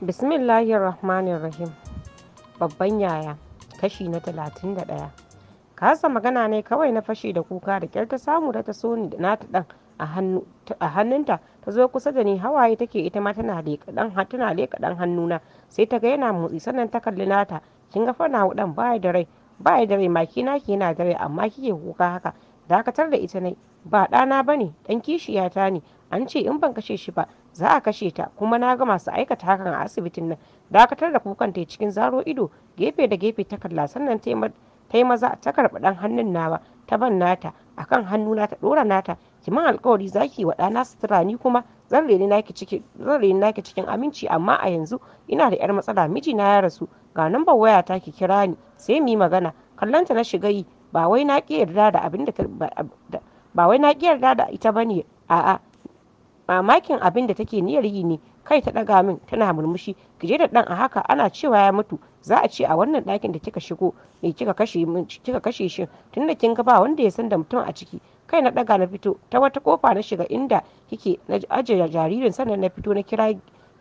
Bismillahir Rahmanir Rahim. Babban yaya, kashi na talatin da ɗaya. Kasa magana ne kawai na fashe da kuka da kyar ta samu da ta so ni da nata ɗan a hannunta ta zo kusa da ni hawaye take ita ma tana leƙa ɗan tana leƙa hannuna sai ta ga yana motsi sannan ta kalli nata kin ga fana ɗan baya da rai baya da rai maki na ke yana da rai amma kike kuka haka dakatar da ita ne ba ɗana bane ɗan kishiyata ne an ce in ban kashe shi ba za a kashe ta kuma na ga masu aikata hakan a asibitin nan dakatar da kukan ta cikin zaro ido gefe da gefe ta kalla sannan ta yi maza ta karɓi ɗan hannun nawa ta ban nata akan hannu na ta ɗora nata kiman alkawari ki wa ɗana sutura ni kuma zan reni naki cikin zan reni naki cikin aminci amma a yanzu ina da yar matsala mijina ya rasu ga nambar waya ta ki kira ni sai mu yi magana kallanta na shiga yi ba wai na ƙi yarda da abin ba wai na ƙi yarda da ita bane a'a mamakin abin da take niyyar yi ne kai ta ɗaga min tana murmushi ki je da ɗan a haka ana cewa ya mutu za a ce a wannan ɗakin da kika shigo ne kika kashe kika kashe shi tunda kin ga ba wanda ya san da mutum a ciki kai na ɗaga na fito ta wata kofa na shiga inda kike na aje jaririn sannan na fito na kira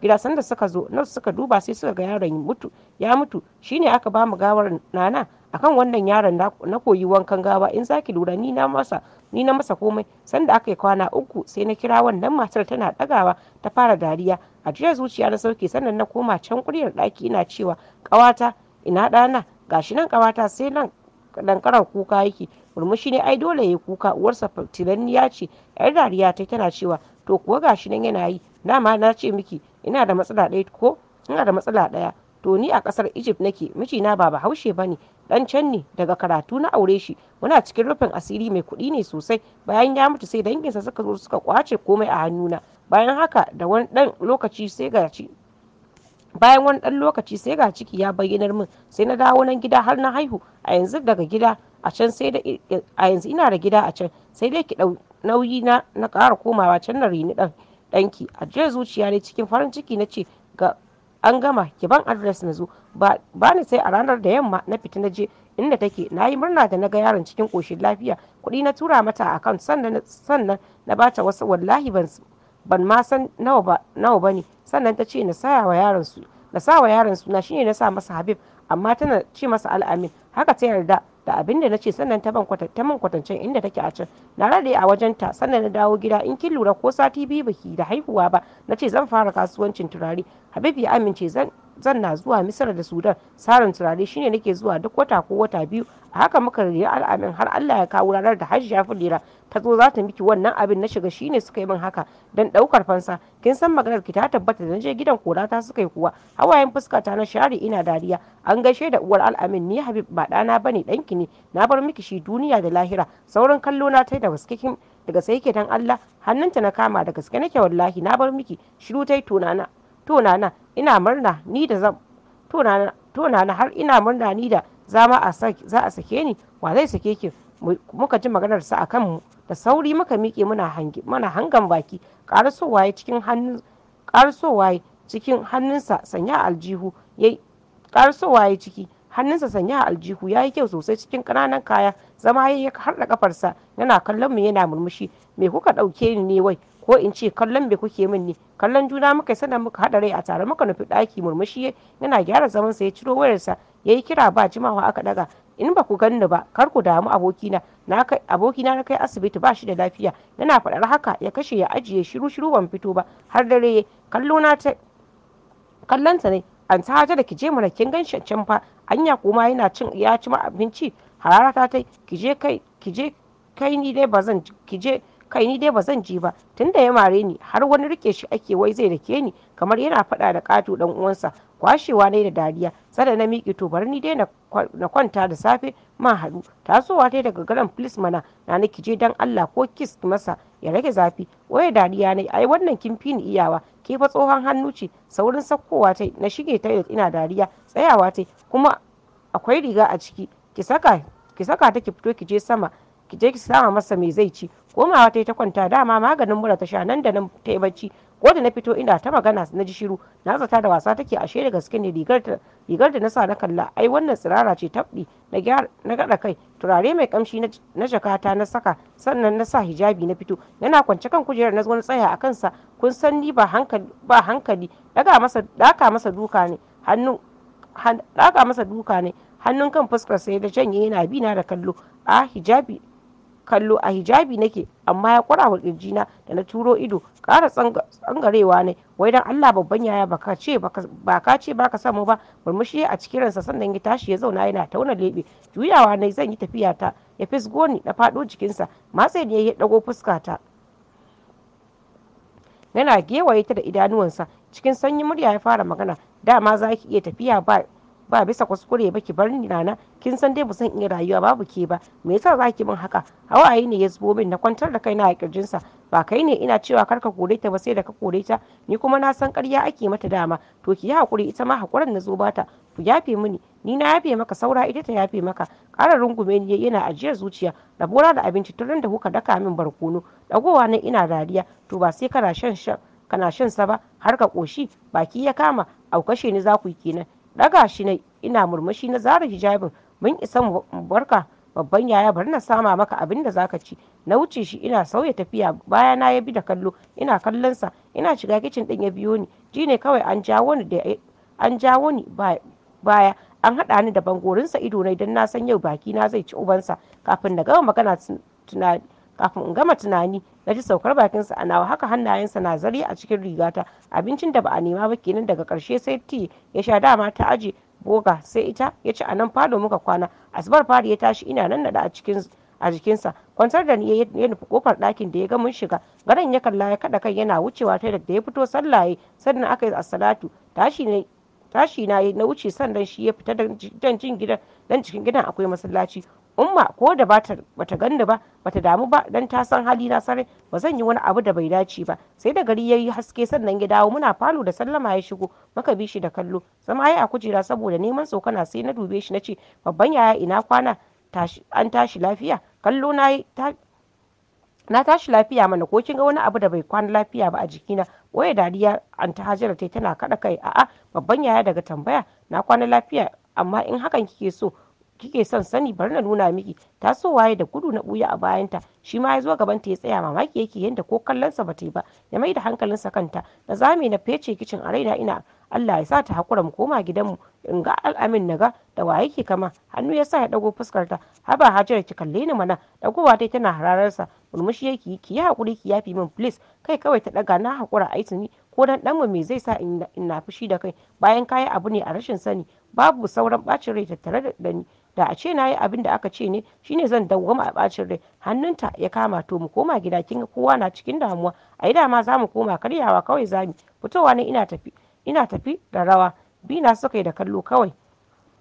gida sanda suka zo na suka duba sai suka ga yaron mutu ya mutu shine aka ba mu gawar nana akan wannan yaron na koyi wankan gawa in zaki lura ni na masa ni na masa komai sanda aka yi kwana uku sai na kira wannan matar tana dagawa ta fara dariya a jiya zuciya na sauke sannan na koma can kuryar daki ina cewa ƙawata ina ɗana gashi nan kawata sai nan dankarar kuka yake murmushi ne ai dole yayi kuka uwarsa tilanniya ce yar dariya ta tana cewa to kuwa gashi nan yana yi dama na ce miki ina da matsala ɗaya ko ina da matsala ɗaya to ni a kasar egypt nake mijina ba bahaushe ba ne dan can ne daga karatu na aure shi muna cikin rufin asiri mai kuɗi ne sosai bayan ya mutu sai danginsa suka zo suka kwace komai a hannuna bayan haka da wani dan lokaci sai ga bayan wani dan lokaci sai ga ciki ya bayyanar min sai na dawo nan gida har na haihu a yanzu daga gida a can sai da a yanzu ina da gida a can sai dai ki dau nauyi na na kara komawa can na rini dan danki a jiya zuciya ne cikin farin ciki na ce ga an gama ki ban adres na zo ba ni sai a ranar da yamma na fita na je inda take na yi murna da na ga yaron cikin koshin lafiya kuɗi na tura mata a kan sannan na na bata wasu wallahi ban ban ma san nawa ba nawa sannan ta ce na saya wa yaron na sa wa yaron suna shine na sa masa habib amma tana ce masa al'amin haka ta yarda da abin da na ce sannan ta man kwatancin inda take a can na rade a wajen ta sannan na dawo gida in kin lura ko sati biyu baki da haihuwa ba na ce zan fara kasuwancin turare habib ya amince zan zan na zuwa misar da sudan tsarin turare shine nake zuwa duk wata ko wata biyu a haka muka riya al'amin har allah ya kawo ranar da hajji ya lera ta zo za ta miki wannan abin na shiga shine suka yi min haka dan ɗaukar fansa kin san maganar ki ta tabbata dan je gidan kora ta suka yi kuwa hawayen fuska ta na share ina dariya an gaishe da uwar al'amin ni habib ba dana bane danki ne na bar miki shi duniya da lahira saurin kallo na yi da waskikin daga sai ke dan Allah hannunta na kama da gaske nake wallahi na bar miki shiru tai tunana tunana ina murna ni da zan tona na har ina murna ni da zama za a sake ni wa zai sake ki muka ji maganar sa akan mu da sauri muka miƙe muna mana hangan baki karasowa cikin cikin hannunsa sanya aljihu yayi ciki hannunsa sanya aljihu ya yi kyau sosai cikin ƙananan kaya zama ya yi har da kafarsa yana kallon mu yana murmushi me kuka ɗauke ni ne wai ko in ce kallon bai kuke min ne kallon juna muka sanar muka haɗa rai a tare muka nufi ɗaki murmushi yana gyara zaman sa ya ciro wayarsa ya yi kira ba jimawa aka ɗaga in ba ku ganni ba kar ku damu abokina na kai abokina na kai asibiti ba shi da lafiya yana faɗar haka ya kashe ya ajiye shiru shiru ban fito ba har dare kallo na ta kallonta ne an ta da ki je mana kin ganshi can fa anya kuma yana cin ya ci abinci harara ta ki je kai ki je kai ni dai ba ki je kai ni dai ba zan je ba tunda ya mare ni har wani rike shi ake wai zai rike ni kamar yana faɗa da ƙato dan uwansa kwashewa ne da dariya sada na miƙe to bar ni dai na kwanta da safe ma haɗu tasowa ta daga garan filis mana na niki je dan Allah ko kis masa ya rage zafi waye dariya ne ai wannan kin fi iyawa ke fa tsohon hannu ce saurin sakkowa ta na shige ta ina dariya tsayawa ta kuma akwai riga a ciki ki saka ki saka ta ki fito ki je sama ki je ki sama masa me zai ci komawa ta yi ta kwanta dama maganin mura ta sha nan da nan ta yi bacci ko da na fito ina ta magana na ji shiru na zata da wasa take ashe da gaske ne rigar da na sa na kalla ai wannan tsirara ce tabbi na gada kai turare mai kamshi na jakata na saka sannan na sa hijabi na fito yana kwance kan kujerar na wani tsaya a kansa kun san ni ba hankali ba hankali daga masa duka ne hannu daka masa duka ne hannun kan fuskar sai da janye yana bina da kallo a hijabi kallo a hijabi nake amma ya kura wa kirjina da na turo ido kara tsangarewa ne wai dan Allah babban yaya baka ce ba ka baka samu ba murmushi a cikin ransa sannan ya tashi ya zauna yana tauna lebe juyawa ne zan yi tafiya ta ya fisgo ni na fado jikinsa ne ya dago fuska ta yana gewaye ta da idanuwansa cikin sanyi murya ya fara magana dama za ki iya tafiya ba ba bisa kuskure ba ki bar ni nana kin san dai ba zan iya rayuwa babu ke ba me yasa za ki min haka hawaye ne ya zubo min na kwantar da kaina a kirjinsa ba kai ne ina cewa kar ka kore ta ba sai da ka kore ta ni kuma na san ƙarya ake mata dama to ki yi hakuri ita ma hakurin na zo bata ku yafe mini ni na yafe maka saura ita ta yafe maka ƙara rungume ni yana ajiyar zuciya rabuwa da abinci tun da kuka daka min barkono dagowa na ina dariya to ba sai kana shan kana shan sa ba har ka koshi baki ya kama aukashe ni za ku yi kenan daga shi ne ina murmushi na zara hijabin mun isa mu barka babban yaya bari na sama maka abin da zaka ci na wuce shi ina sauya tafiya baya na ya bi da kallo ina kallonsa ina shiga kicin din ya biyo ni ji ne kawai an jawo ni da an jawo ni baya an haɗa ni da bangorinsa ido na idan na san yau baki na zai ci ubansa kafin na gama magana tunani kafin in gama tunani na ji saukar bakinsa a nawa haka hannayensa na zari a cikin rigata abincin da ba a nema ba kenan daga karshe sai ti ya sha dama ta aje boga sai ita ya ci a nan falo muka kwana asibar fari ya tashi ina nan naɗa a cikin jikinsa kwantar da ni ya nufi kofar ɗakin da ya ga mun shiga garan ya kalla ya kaɗa kai yana wucewa ta da ya fito sallaye sannan aka yi assalatu tashi ne tashi na na wuce sannan shi ya fita dan cikin gidan dan cikin gidan akwai masallaci umma ko da bata ganni ba bata damu ba dan ta san hali na sare ba zan yi wani abu da bai dace ba sai da gari yayi haske sannan ya dawo muna falo da sallama ya shigo maka bi shi da kallo zama ai a kujera saboda neman sokana sai na dube shi nace babban yaya ina kwana an tashi lafiya kallo na na tashi lafiya mana ko kin ga wani abu da bai kwana lafiya ba a jikina waye dariya an ta hajara tai tana kada kai a'a babban yaya daga tambaya na kwana lafiya amma in hakan kike so kike son sani bari na nuna miki tasowa ya da gudu na buya a bayanta shi ma ya zo gaban ta ya tsaya mamaki yake yanda ko kallonsa ba ta yi ba ya mai da hankalinsa kanta na zame na fece kicin a raina ina Allah ya sa ta hakura mu koma gidanmu in ga al'amin na ga da wa yake kama hannu ya sa ya dago fuskarta haba hajiyar ki kalle ni mana dagowa dai tana hararsa murmushi yake ki yi hakuri ki yafi min please kai kawai ta daga na hakura aitini ko dan dan mu me zai sa in na fushi da kai bayan kai abu ne a rashin sani babu sauran bacin rai tattare da ni Da a ce na yi abin da aka ce ne shine zan dawwama a ɓacin rai. Hannunta ya kama to mu koma gida kin kowa na cikin damuwa. a yi dama za mu koma karyawa kawai zamu fitowa na ina tafi ina tafi da rawa. Bina suka yi da kallo kawai.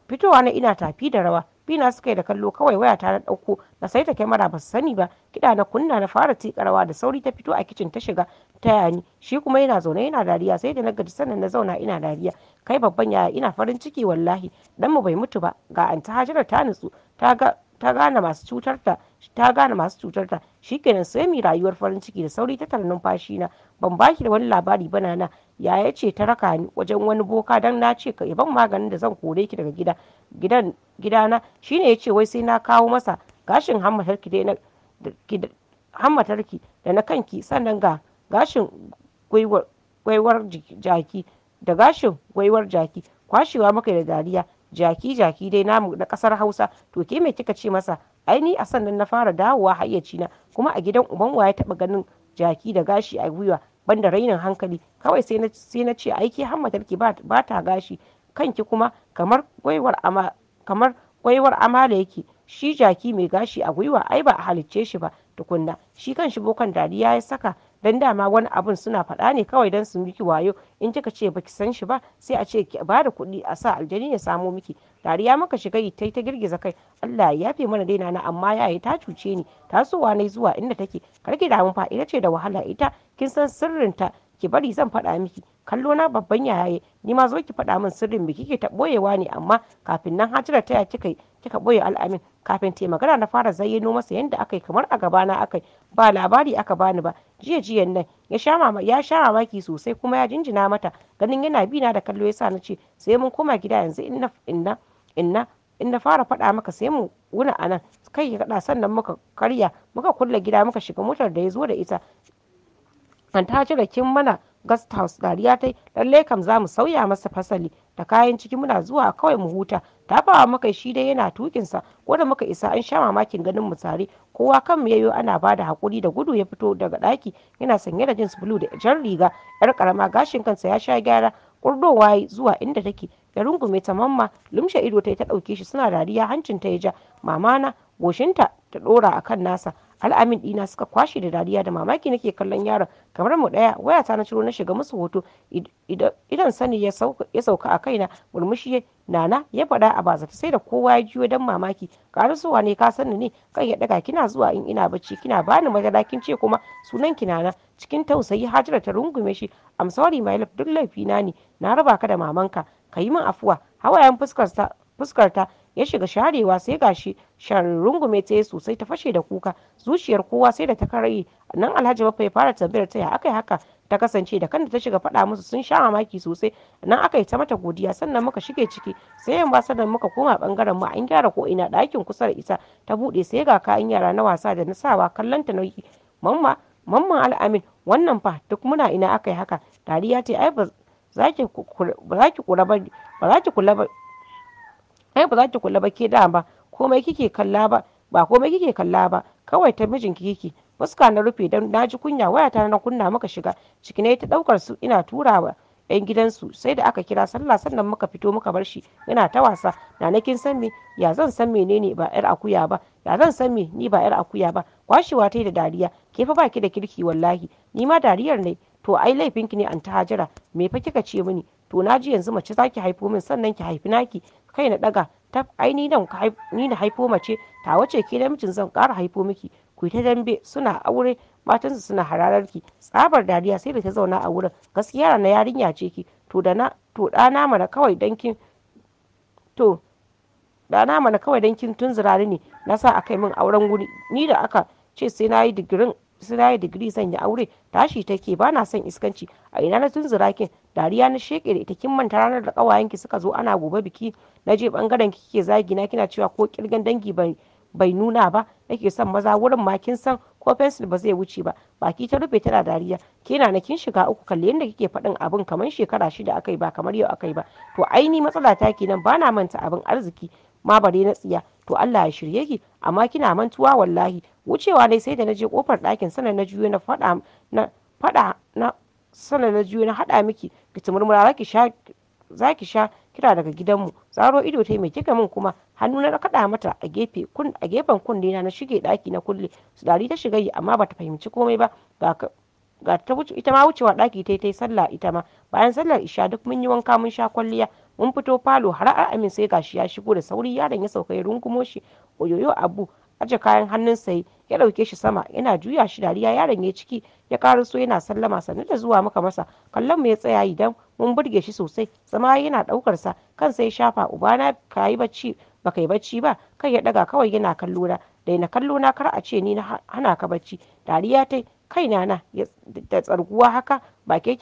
Fitowa na ina tafi da rawa. bina suka yi da kallo kawai waya ta na ɗauko na saita kyamara ba su sani ba kiɗa na kunna na fara tikarawa da sauri ta fito a kicin ta shiga ta yani shi kuma yana zaune yana dariya sai da na gaji sannan na zauna ina dariya kai babban yaya ina farin ciki wallahi dan mu bai mutu ba ga anta hajara ta nutsu ta ga ta gane masu cutar ta ta gane masu cutar ta shikenan sai mu rayuwar farin ciki da sauri ta tara numfashi na ban baki da wani labari bana na ya ce ta raka ni wajen wani boka dan na ce ka ban maganin da zan kore ki daga gida gidan gidana shine yace wai sai na kawo masa gashin hammatarki da na hammatarki da na kanki sannan ga gashin gwaiwar jaki da gashin gwaiwar jaki kwashewa maka da dariya jaki jaki dai namu na kasar hausa to ke me kika ce masa ai ni a sannan na fara dawowa hayyaci na kuma a gidan uban ya taɓa ganin jaki da gashi a gwiwa banda rainin hankali kawai sai na ce aiki hammatarki ba ta gashi kanki kuma kamar gwaiwar ama kamar gwaiwar amala yake shi jaki mai gashi a gwiwa ai ba a halicce shi ba tukunna shi kan shi bokan dariya ya saka don dama wani abun suna faɗa ne kawai don su miki wayo in kika ce baki san shi ba sai a ce ki bada kuɗi a sa aljani ya samo miki dariya maka shiga yi ta girgiza kai Allah ya yafe mana daina na amma yaye ta cuce ni tasowa ne zuwa inda take karki damu fa ita ce da wahala ita kin san sirrin ta ki bari zan faɗa miki kallo na babban yaye ni ma zo ki faɗa min sirrin biki kike ta boyewa ne amma kafin nan hajira taya kika kika boye al'amin kafin te magana na fara zayyano masa yadda akai kamar a gabana akai ba labari aka bani ba jiya jiyan nan ya sha mamaki sosai kuma ya jinjina mata ganin yana bi na da kallo yasa na ce sai mun koma gida yanzu inna inna inna in fara faɗa maka sai mu wuna anan kai ya kaɗa sannan muka karya muka kulle gida muka shiga motar da ya zo da ita an ta ci kin mana guest house dariya ta lalle kam za mu sauya masa fasali da kayan ciki muna zuwa kawai mu huta ta fawa maka shi dai yana tukinsa ko da muka isa an sha mamakin ganin mu tare kowa kan mu yayo ana da hakuri da gudu ya fito daga daki yana sanye da jeans blue da jan riga yar karama gashin kansa ya sha gyara kurdowa zuwa inda take ya rungume ta mamma lumshe ido ta ta dauke shi suna dariya hancin ta ya ja mamana goshinta ta dora akan nasa al'amin dina suka kwashe da dariya da mamaki nake kallon yaron kamar mu daya ta na ciro na shiga musu hoto idan sani ya sauka a kaina murmushi nana ya faɗa a bazata sai da kowa ya jiyo dan mamaki suwa ne ka sani ne kan ya daga kina zuwa in ina bacci kina bani madara kin ce kuma sunan ki nana cikin tausayi hajira ta rungume shi am sorry my love duk laifi na ne na raba ka da mamanka ka yi min afuwa hawayen fuskarta ya shiga sharewa sai gashi sharin rungume ta sosai ta fashe da kuka zuciyar kowa sai da ta karye nan alhaji baffa ya fara tambayar ta ya aka haka ta kasance da kanta ta shiga faɗa musu sun sha mamaki sosai nan aka yi ta mata godiya sannan muka shige ciki sai yamma sannan muka koma bangaren mu an gyara ko ina ɗakin kusa da ita ta buɗe sai ga kayan yara na wasa da na sawa kallon ta nauyi mamma mamman al'amin wannan fa duk muna ina aka yi haka dariya ce ai ba za ki kula ba ai ba za ki kula ba ke ba komai kike kalla ba ba komai kike kalla ba kawai ta mijinki kike fuska na rufe dan na ji kunya ta na kunna muka shiga ciki ne ta daukar su ina turawa yan gidansu sai da aka kira sallah sannan muka fito muka bar shi yana ta wasa na na kin san me ya zan san menene ba yar akuya ba ya zan san me ni ba yar akuya ba kwashewa ta da dariya ke fa baki da kirki wallahi ni ma dariyar ne to ai laifinki ne an ta hajira me fa kika ce mini to na ji yanzu mace zaki haifo min sannan ki haifi naki kai na daga taf ai ni da haifo mace ta wace ke mijin zan kara haifo miki ku ta dambe suna aure matansu suna harararki tsabar dariya sai da ta zauna a wurin gaskiya na yarinya ce ki to da na to na mana kawai dankin to na mana kawai dankin tun zirari ne na sa akai min auren wuri ni da aka ce sai na yi digirin sai na yi digiri sanya aure tashi take ba na son iskanci a ina na tun zirakin dariya na sheke da ita kin manta ranar da kawayen ki suka zo ana gobe biki na je bangaren kike zagi na kina cewa ko kirgan dangi bai bai nuna ba nake son maza wurin ma kin san ko pencil ba zai wuce ba baki ta rufe tana dariya kina na kin shiga uku kalle yadda kike faɗin abin kamar shekara shida akai ba kamar yau akai ba to aini matsala ta kenan na manta abin arziki ma bare na tsiya to Allah ya shirye ki amma kina mantuwa wallahi wucewa ne sai da na je kofar ɗakin sanar na juyo na faɗa na faɗa na sallar na juyo na haɗa miki da ta murmura za ki sha kira daga gidanmu tsaro ido ta mai kika min kuma hannu na kaɗa mata a gefe kun a gefen kunne na na shige ɗaki na kulle su dari ta shiga yi amma ta fahimci komai ba ga ta wuce ita ma wucewa ɗaki ta yi sallah ita ma bayan sallar isha duk mun yi wanka mun sha kwalliya mun fito falo har amin sai gashi ya shigo da sauri yaron ya sauka ya rungumo shi oyoyo abu aje kayan hannun sai ya dauke shi sama yana juya shi dariya yaron ya ciki ya karaso yana sallama sannu da zuwa muka masa kallon mu ya tsaya idan mun burge shi sosai zama yana daukar sa kan sai shafa ubana ka yi bacci ba kai bacci ba kai ya daga kawai yana kallo na daina kallo na kar a ce ni na hana ka bacci dariya tai kai na da tsarguwa haka ba ke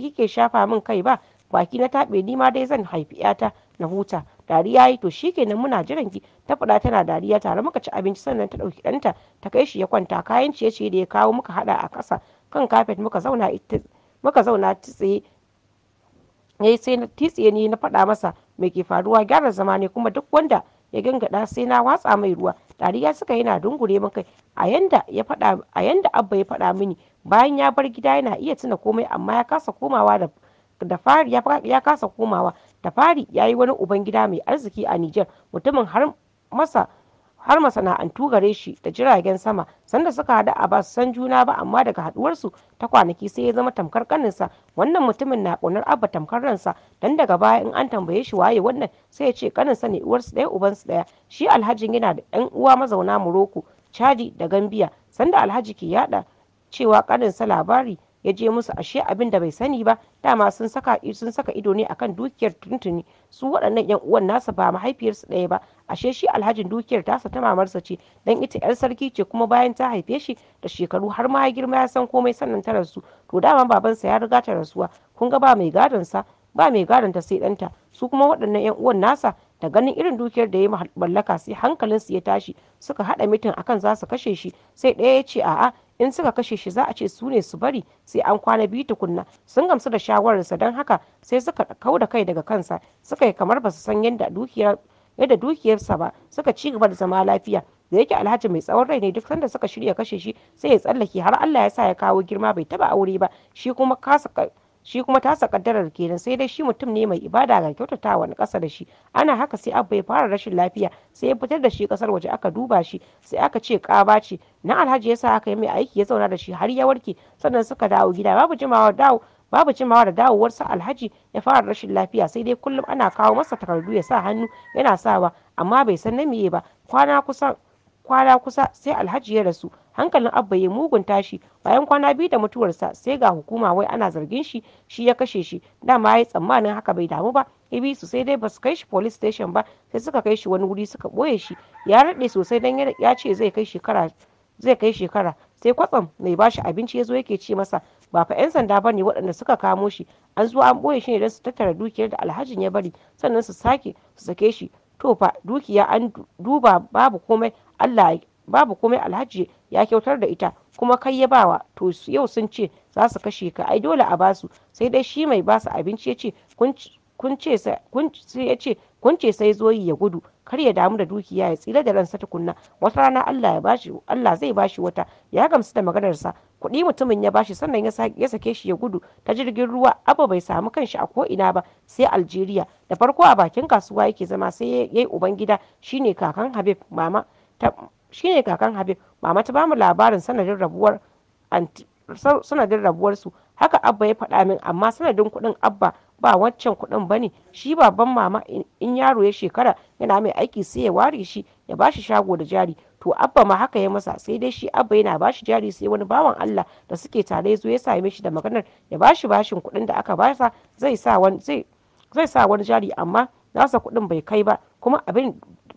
kike shafa min kai ba baki na taɓe ni ma dai zan haifi 'yata na huta dariya yi to shikenan muna jiran ki ta faɗa tana dariya tare muka ci abinci sannan ta ɗauki ɗanta ta kai shi ya kwanta kayan ciye-ciye da ya kawo muka haɗa a kasa kan kafet muka zauna muka zauna tsaye yayi sai na titsiye ni na faɗa masa mai ke faruwa gyara zama ne kuma duk wanda ya gangada sai na watsa mai ruwa dariya suka yana dungure min a yanda ya fada a yanda abba ya faɗa mini bayan ya bar gida yana iya tuna komai amma ya kasa komawa da da fari ya kasa komawa da fari ya yi wani uban gida mai arziki a niger mutumin har masa har masana'antu gare shi da jiragen sama sanda suka hada a ba su san juna ba amma daga haduwarsu ta kwanaki sai ya zama tamkar kaninsa wannan mutumin na ƙunar abba tamkar ransa dan daga baya in an tambaye shi waye wannan sai ya ce kaninsa ne uwarsu ɗaya ubansu ɗaya shi alhajin yana da ɗan uwa mazauna morocco chadi da gambia sanda alhaji ke yada cewa sa labari ya je musu ashe abin da bai sani ba dama sun saka sun saka ido ne akan dukiyar tuntuni su waɗannan yan uwan nasa ba mahaifiyarsu ɗaya ba ashe shi alhajin dukiyar tasa ta mamarsa ce dan ita yar sarki ce kuma bayan ta haife shi da shekaru har ma ya girma ya san komai sannan ta rasu to dama babansa ya riga ta rasuwa kun ga ba mai gadon ba mai gadon ta sai ɗanta su kuma waɗannan yan uwan nasa da ganin irin dukiyar da ya mallaka sai hankalinsu ya tashi suka haɗa mitin akan za su kashe shi sai ɗaya ya ce a'a in suka kashe shi za a ce su ne su bari sai an kwana biyu tukunna sun gamsu da shawararsa don haka sai suka kau da kai daga kansa suka yi kamar ba su san yadda dukiyar dukiyarsa ba suka ci gaba da zama lafiya da yake alhaji mai tsawon rai ne duk sanda suka shirya kashe shi sai ya tsallake har Allah ya sa ya kawo girma bai taba aure ba shi kuma kasa shi kuma tasa kaddarar kenan sai dai shi mutum ne mai ibada ga kyautata wani kasa da shi ana haka sai abba ya fara rashin lafiya sai ya fitar da shi kasar waje aka duba shi sai aka ce kaba ce na alhaji ya sa aka yi mai aiki ya zauna da shi har ya warke sannan suka dawo gida babu jimawa dawo babu jimawa da dawowarsa alhaji ya fara rashin lafiya sai dai kullum ana kawo masa takardu ya sa hannu yana sawa amma bai san na miye ba kwana kusa kwana kusa sai alhaji ya rasu hankalin abba ya mugun tashi bayan kwana biyu da mutuwarsa sai ga hukuma wai ana zargin shi shi ya kashe shi dama ya tsammanin haka bai damu ba ya bi su sai dai basu kai shi police station ba sai suka kai shi wani wuri suka boye shi ya raɗe sosai dan ya ce zai kai shekara zai kai shekara sai kwatsam mai bashi abinci ya zo yake ce masa ba fa 'yan sanda bane waɗanda suka kamo shi an zo an boye shi ne don su tattara dukiyar da alhajin ya bari sannan su sake su sake shi to fa dukiya an duba babu komai Allah babu komai alhaji ya kyautar da ita kuma kai ya bawa to yau sun ce za su kashe ka ai dole a basu sai dai shi mai basu abinci ya ce kun ce kun ce sai zoyi ya gudu kar ya damu da dukiya ya tsira da ransa tukunna wata rana Allah ya bashi Allah zai bashi wata ya gamsu da maganar sa kuɗi mutumin ya bashi sannan ya sake shi ya gudu ta jirgin ruwa abu bai samu kanshi a ko ina ba sai Algeria da farko a bakin kasuwa yake zama sai ya uban gida shine kakan Habib mama shine kakan habib mama ta bamu labarin sanadin rabuwar sanadin rabuwarsu haka abba ya faɗa min amma sanadin kuɗin abba ba wancan kuɗin bane shi baban mama in yaro ya shekara yana mai aiki sai ya ware shi ya bashi shago da jari to abba ma haka ya masa sai dai shi abba yana bashi jari sai wani bawan Allah da suke tare zo ya same shi da maganar ya bashi bashin kuɗin da aka basa zai sa wani zai sa wani jari amma nasa kuɗin bai kai ba kuma abin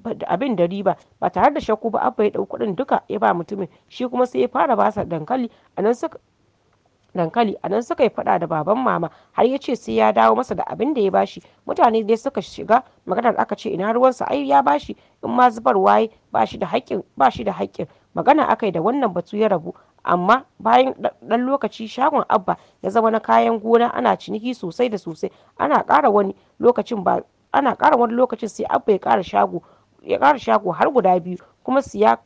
abin da riba ba tare da shakku ba abba ya dau kuɗin duka ya ba mutumin shi kuma sai ya fara basa dankali a nan suka dankali a nan suka yi fada da baban mama har ya ce sai ya dawo masa da abin da ya bashi mutane dai suka shiga maganar aka ce ina ruwansa ai ya bashi in ma zubar waye ba shi da haƙƙin bashi da haƙƙin magana aka yi da wannan batu ya rabu amma bayan ɗan lokaci shagon abba ya zama na kayan gona ana ciniki sosai da sosai ana ƙara wani lokacin ba ana ƙara wani lokacin sai abba ya ƙara shago ya kara shago har guda biyu kuma siya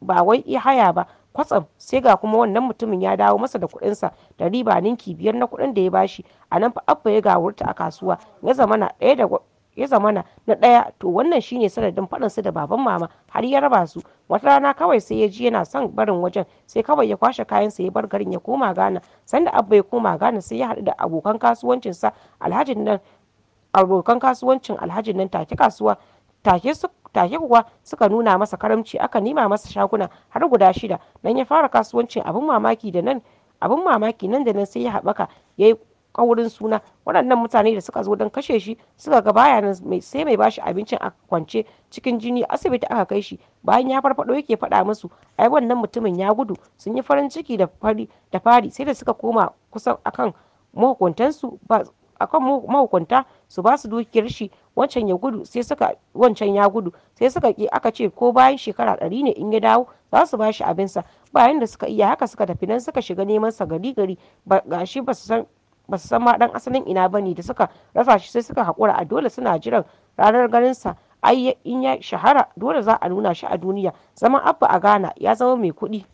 ba wai iya haya ba kwatsam sai ga kuma wannan mutumin ya dawo masa da kuɗinsa da riba ninki biyar na kuɗin da ya bashi a nan fa abba ya gawurta a kasuwa ya zamana ɗaya da ya zamana na ɗaya to wannan shine sanadin faɗin su da baban mama har ya raba su wata rana kawai sai ya ji yana son barin wajen sai kawai ya kwashe kayan sa ya bar garin ya koma Ghana sanda abba ya koma Ghana sai ya haɗu da abokan kasuwancin sa alhajin nan abokan kasuwancin alhajin nan take kasuwa take kuwa suka nuna masa karamci aka nima masa shaguna har guda shida nan ya fara kasuwancin abin mamaki da nan abin mamaki nan da nan sai ya haɓaka ya yi kaurin suna waɗannan mutane da suka zo don kashe shi suka ga baya nan sai mai bashi abincin a kwance cikin jini asibiti aka kai shi bayan ya farfado yake faɗa musu ai wannan mutumin ya gudu sun yi farin ciki da fari da fari sai da suka koma kusan akan mahukuntansu akan mahukunta su basu su dukiyar shi wancan ya gudu sai suka wancan ya gudu sai suka ki aka ce ko bayan shekara ɗari ne in ya dawo za su ba shi abinsa bayan da suka iya haka suka tafi nan suka shiga neman sa gari gari gashi ba su san ba su san ma dan asalin ina bane da suka rasa shi sai suka hakura a dole suna jiran ranar ganin sa ai in ya shahara dole za a nuna shi a duniya zaman abba a ghana ya zama mai kuɗi